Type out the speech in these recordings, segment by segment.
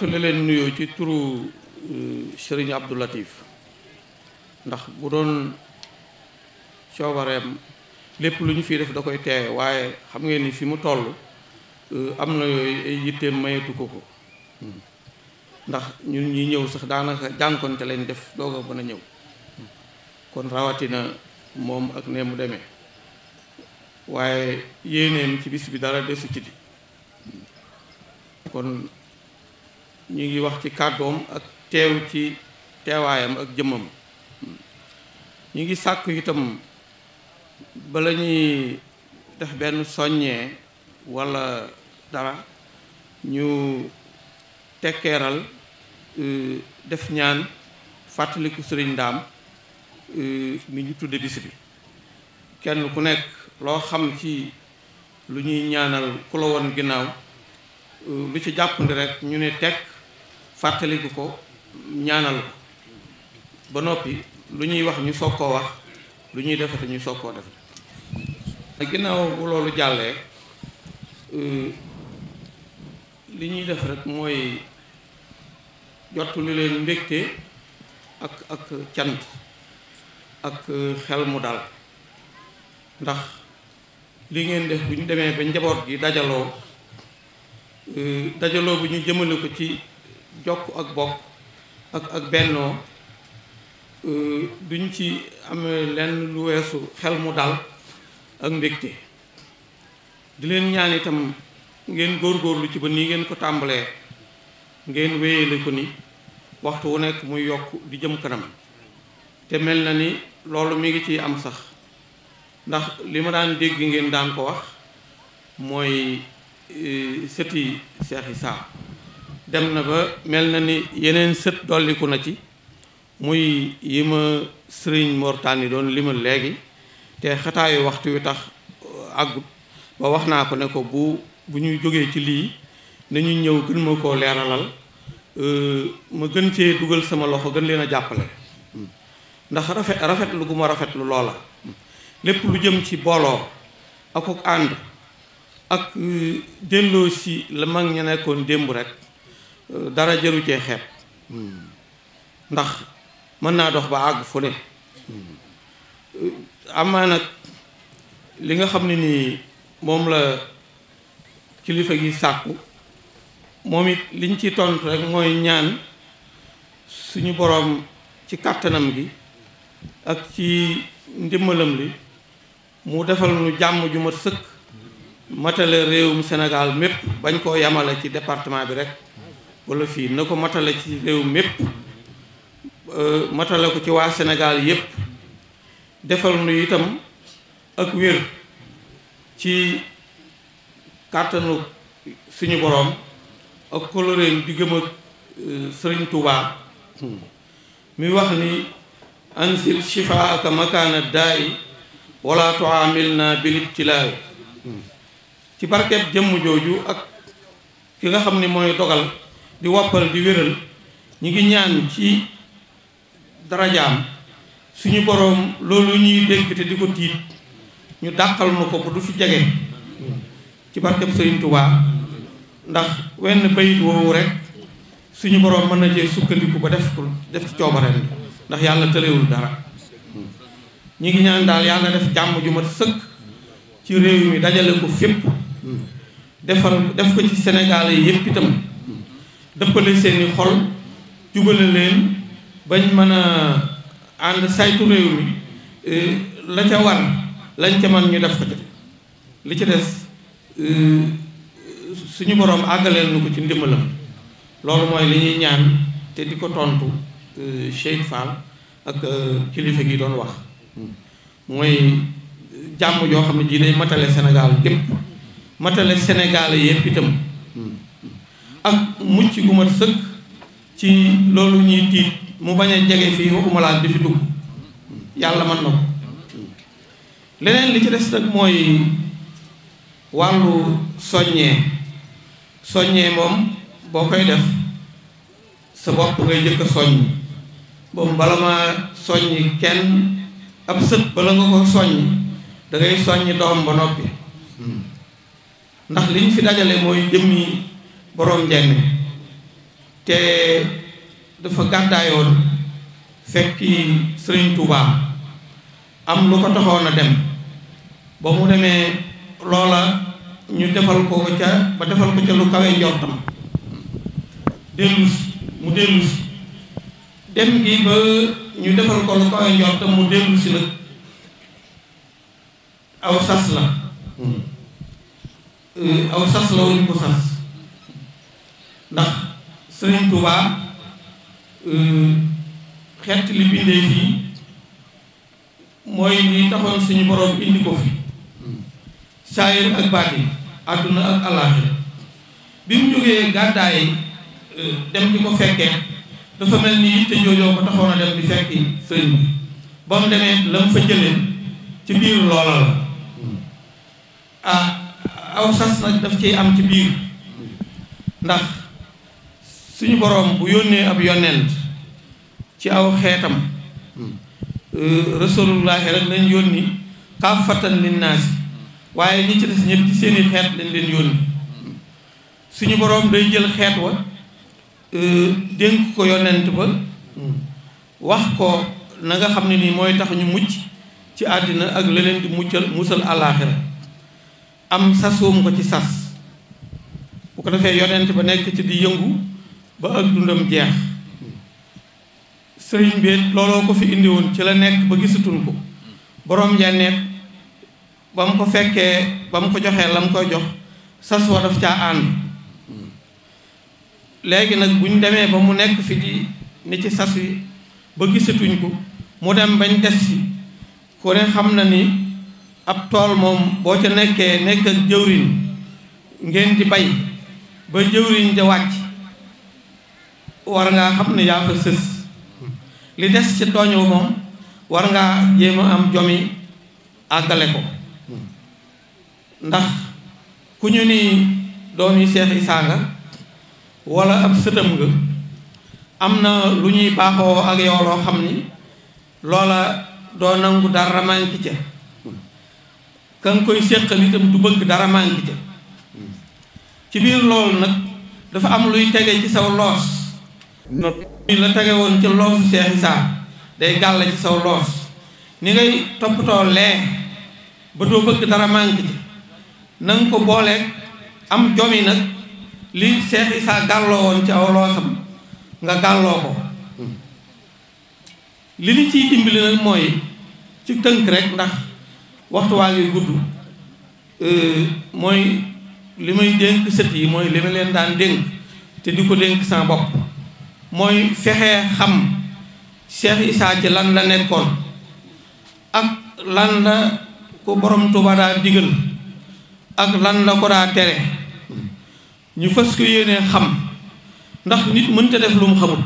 jottali leen nuyoo ci turu euh, Serigne Abdou Latif ndax bu doon coobareem lépp lu ñu fi def da koy teewe waaye xam ngeen ni fi mu toll euh, am na yooyu ay yitteem mayetu ko ko ndax ñun ñi ñëw sax daanaka jànkonte leen def doog a mën a ñëw kon rawatina moom ak ne mu demee waaye yéeneem ci bis bi dara desu ci di kon ñu ngi wax ci kàddoom ak teew ci teewaayam ak jëmmam ñu ngi sàkku itam bala ñuy def benn soññee walla dara ñu tekkeeral euh, def ñaan fàttaliku sëriñ ndaam euh, mi ñu tudde bis bi kenn ku nekk loo xam ci lu ñuy ñaanal ku la woon ginnaaw euh, lu ci jàppandi rekk ñu ne tekk fàttaliku ko ñaanal ba noppi lu ñuy wax ñu soog koo wax lu ñuy defate ñu soog koo def ginnaaw bu loolu jàllee euh, li ñuy def rek mooy jottali leen mbégte ak ak cant ak xel mu dal ndax li ngeen def bu ñu demee ba njaboot gi dajaloo euh, dajaloo bu ñu jëmale ko ci jokk ak bokk ak ak bennoo euh, duñ ci amee lenn lu weesu xel mu dal ak mbégte di leen ñaan itam ngeen lu ci ba nii ngeen ko tàmbalee ngeen wéyale ko ni waxtu wu nekk muy yokk di jëm kanam te mel na ni loolu mi ngi ci am sax ndax li ma daan dégg ngeen daan ko wax mooy euh, sëti Seex Isaa dem na ba mel na ni yeneen sët dolliku na ci muy yi ma sëriñ mortaan yi doon limal léegi te xataayu waxtu wi tax uh, àggut ba wax naa ko ne ko bu bu ñuy jógee ci lii nañu ñëw gën ma koo leeralal uh, ma gën cee dugal sama loxo gën leen a jàppale ndax rafet rafetlu gu ma rafetlu loola lépp lu jëm ci booloo ak ak ànd ak uh, delloo si la mag ña nekkoon démb rekk dara jëru cee xeeb ndax mën naa dox ba àgg fu ne amaa nag li nga xam ne nii moom la kilifa gi sàkku moom it liñ ci tontu rek mooy ñaan suñu boroom ci kàttanam gi ak ci ndimbalam li mu defal nu jàmm ju mat sëkk matale réewum senegal mépp bañ koo yamale ci département bi rek wala fii na ko matale ci réew mépp euh, matale ko ci waa Sénégal yépp defal nu itam ak wér ci kàttanu suñu boroom ak koloreem di gëm ak euh, sëriñ Touba mi wax ni ansil shifaaka makaana daai wala tuamil na bilibtilaayi ci barkeb jëmm jooju ak ki nga xam ni mooy dogal di woppal di wéral ñu ngi ñaan ci darajaam suñu boroom loolu ñuy dégg te di ko tiit ñu dàqal ma ko bu du fi jege ci barkeb Sëriñ Tuubaa ndax wenn bayit woowu rek suñu boroom mën na jee sukkandiku ba def ko def ci coobareem ndax yàlla tëlewul dara ñu ngi ñaan daal yàlla def jàmm ju mat sëkk ci réew mi dajale ko fépp defal def ko ci Sénégal yi yépp itam dëppale seeni xol jubale leen bañ mën a ànd saytu réew mi e, la ca war lañ ca man ñu def ko ca li ci des e, suñu boroom àggaleel nu ko ci ndimbalam loolu mooy li ñuy ñaan te di ko tontu e, Cheikh Fall ak kilifa gi doon wax mooy jàmm joo xam ne jii day matale Sénégal gépp matale Sénégal yépp itam ak mucc gu mat sëkk ci loolu ñuy tiit mu bañ a jege fii waxuma laa di fi dugg yàlla mën na ko leneen li ci des nag mooy wàllu soññee soññee moom boo koy def sa bopp ngay jëkk a soññ boobu bala ma soññ kenn ab sët bala nga ko soññ da soññ doom ba noppi hmm. ndax liñ fi dajale mooy jëmmi boroom njeng te dafa gàddaayoon fekki Sëriñ Tuuba am lu ko taxoon a dem ba mu demee loola ñu defal ko ca ba defal ko ca lu kawe njortam dellus mu dellus dem gi ba ñu defal ko lu kawe njortam mu dellusi nag aw sas la aw sas la hmm. wuñ ko sas ndax Serigne Touba euh, xeet li bindee fii mooy li taxoon suñu borom indi ko fi saayir ak baati àdduna ak alaaxira bi mu jógee gàddaay euh, dem di ko fekkee dafa mel ni te joojoo ko taxoon a dem di fekki sëriñ bi ba mu demee la mu fa jëlee ci biir loola la ah aw sas nag daf ciy am ci biir ndax suñu boroom bu yónnee ab yonent ci aw xeetam hmm. euh, rasulullahi rek lañ yónni kaafatan linnaasi waaye ñi ci des ñëpp seeni xeet lañ leen yónni suñu boroom day jël xeet wa euh, dénk ko yonent ba hmm. wax ko na nga xam ne nii mooy tax ñu mucc ci àddina ak la leen di muccal musal àllaaxira am sasuum ko ci sas bu ko defee yonent ba nekk ci di yëngu ba ak dundam jeex sëriñ bi looloo ko fi indi woon ci la nekk ba gisatuñ ko borom jànneet ba mu ko fekkee ba mu ko joxee la mu koy jox sas wa daf caa ànd léegi nag bu ñu demee ba mu nekk fi di ni ci sas wi ba gisatuñ ko mu dem bañ des fi ku ne xam na ni ab tool moom boo ca nekkee nekkal ak jëwriñ ngeen di bay ba jëwriñ ja wàcc war ngaa xam ne yaa fa sës li des ci tooñ wu moom war ngaa jéem a am jomi àggale ko ndax ku ñu ni doomi Seex Isaa nga wala ab sëtam nga am na lu ñuy baaxoo ak yow loo xam ni loola doo nangu dara manki ca ka nga koy séqal itam du bëgg dara manki ca ci biir loolu nag dafa am luy tege ci saw loos not la tege woon ci loofu Cheikh Issa day gàll ci saw loof ni ngay toppatoo lee ba doo bëgg dara manque ci na ko booleeg am jomi nag li Cheikh Issa gàlloo woon ci aw loosam nga gàlloo ko li li ciy dimbali nag mooy ci tënk rek ndax waxtu waa ngi gudd mooy li may dénk sët yi mooy li ma leen daan dénk te di ko dénk sama bopp mooy fexe xam Cheikh Issa lan la nekkoon ak lan la ko borom Tuuba daa ak lan la ko daa tere ñu fës ko yéene xam ndax nit mënta def lu mu xamut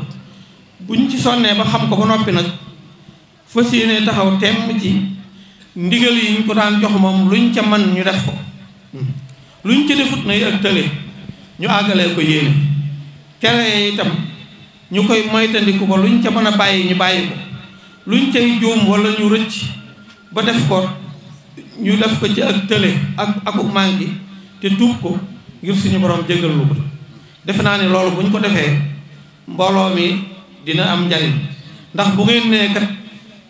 buñ ci sonnee ba xam ko ba noppi nag fës yéene taxaw temm ci ndigal yi ñu ko daan jox moom luñ ca man ñu def ko luñ ca defut nay ak tële ñu àggalee ko yéene tere itam ñu koy moytandiku lu luñ ca mën a bàyyi ñu bàyyi ko luñ cay juum wala ñu rëcc ba def ko ñu def ko ci ak tële ak ak manqué te tuub ko ngir suñu borom jéggal lu ko defe naa ne loolu buñ ko defee mbooloo mi dina am njariñ ndax bu ngeen nee kat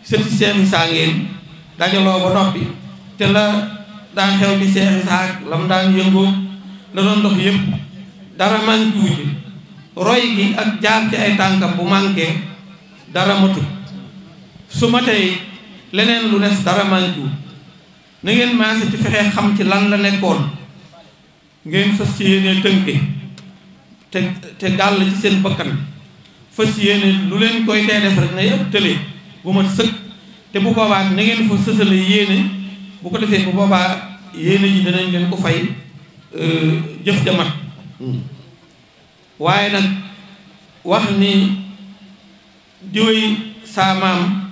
sëti Seex Isaa ngeen dajaloo ba noppi te la daan xew ci Seex Isaa lam daan yëngoo la doon dox yëpp dara manqué wu ci roy gi ak jaar ci ay tànkam bu manqué dara matut su ma tey leneen lu des dara manqué na ngeen maase ci fexe xam ci lan la nekkoon ngeen fas ci yéene tënke te te gàll ci seen bakkan fas yéene lu leen koy tey rek na yëpp tële bu ma sëkk te bu boobaa na ngeen fa sësale yéene bu ko defee bu boobaa yéene ji danañ leen ko fay euh, jëf ja waaye nag wax ni diwéy saa maam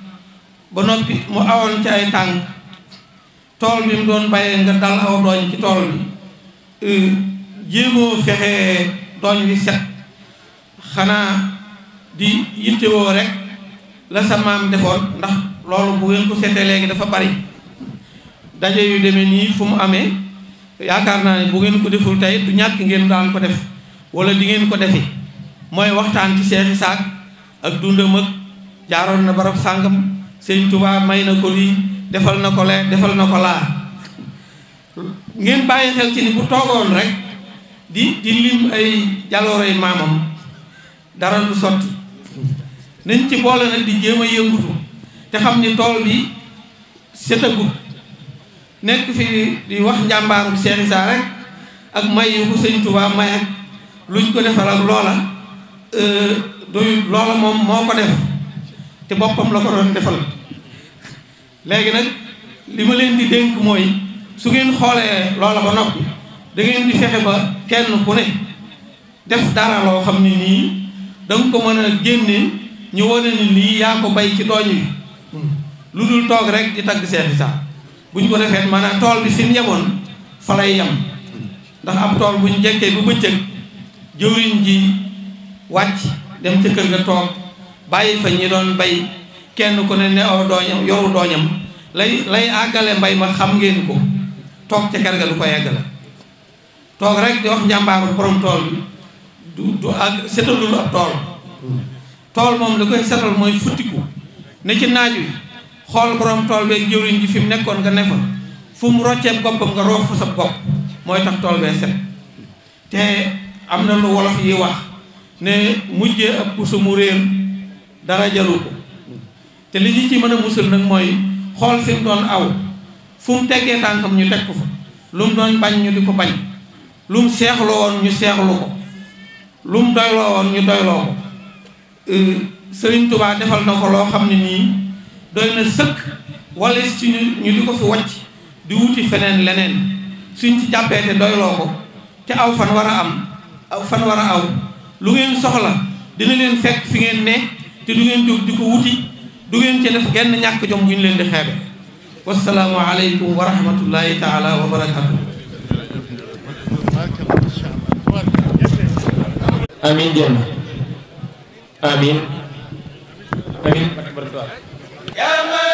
ba noppi mu awoon ci ay tànk tool bi mu doon bayee nga dal aw dooñ ci tool bi e, jéemoo fexee dooñ wi set xanaa di yittewoo rek la sa maam defoon ndax loolu bu ngeen ko seetee léegi dafa bari daje yu demee nii fu mu amee yaakaar naa ne bu ngeen ko deful tey du ñàkk ngeen daan ko def wala di ngeen ko defi mooy waxtaan ci Seex Isaak ak dundam ak jaaroon na barab sàngam Sëñ Tuubaa may na ko lii defal na ko lee defal na ko laa ngeen bàyyi xel ci ni bu toogoon rek di di ay jaloorey maamam dara lu sotti nañ ci boole nag di jéem a yëngutu te xam ni tool bi setagut nekk fi di wax jàmbaar Seex Isaa rek ak may yu ko Sëñ Tuubaa may ak ñu ko defal ak loola euh, doyul loola moom moo ko def te boppam la ko doon defal léegi nag li ma leen di dénk mooy su ngeen xoolee loola ba noppi da ngeen di fexe ba kenn ku ne def dara loo xam ne nii danga ko mën a génne ñu wane ni lii yaa ko bay ci dooñ wi lu dul toog rek di tagg seeti saa bu ñu ko defee maanaam tool bi fi mu yemoon fa lay yem ndax ab tool bu ñu jekkee bu bëccëg jëwriñ ji wàcc dem ca kër ga toog bàyyi fa ñi doon bay kenn ku ne ne aw dooñam yoru dooñam lay lay àggale mbay ma xam ngeen ko toog ca kër ga du ko yeggale toog rek di wax njàmbaaru borom tool bi du du ak setalul ab tool tool moom li koy setal mooy futtiku ne ci naaj wi xool borom tool beeg jëwriñ ji fi mu nekkoon nga ne fa fu mu roccee boppam nga roof fa sab bopp mooy tax tool bee set te am na lu wolof yi wax ne mujjee ab puso mu réer dara jaru ko te li ñu ci mën a musal nag mooy xool fi mu doon aw fu teggee tànkam ñu teg ko fa lu mu doon bañ ñu ko bañ lu mu seexlu ko lu mu doyloo woon ñu doyloo ko euh, Sëriñ Tuubaa defal na ko loo xam ne nii doy na sëkk wala si ñu ñu di ko fi wàcc di wuti feneen leneen suñ ci jàppee te doyloo ko te aw fan war a am aw fan war a aw lu ngeen soxla dina leen fekk fi ngeen ne te du ngeen jóg di ko wuti du ngeen ci def genn ñàkk jom bu ñu leen di xeebe wasalaamu aleykum wa rahmatullahi taala wa barakatu amin jëm amin amin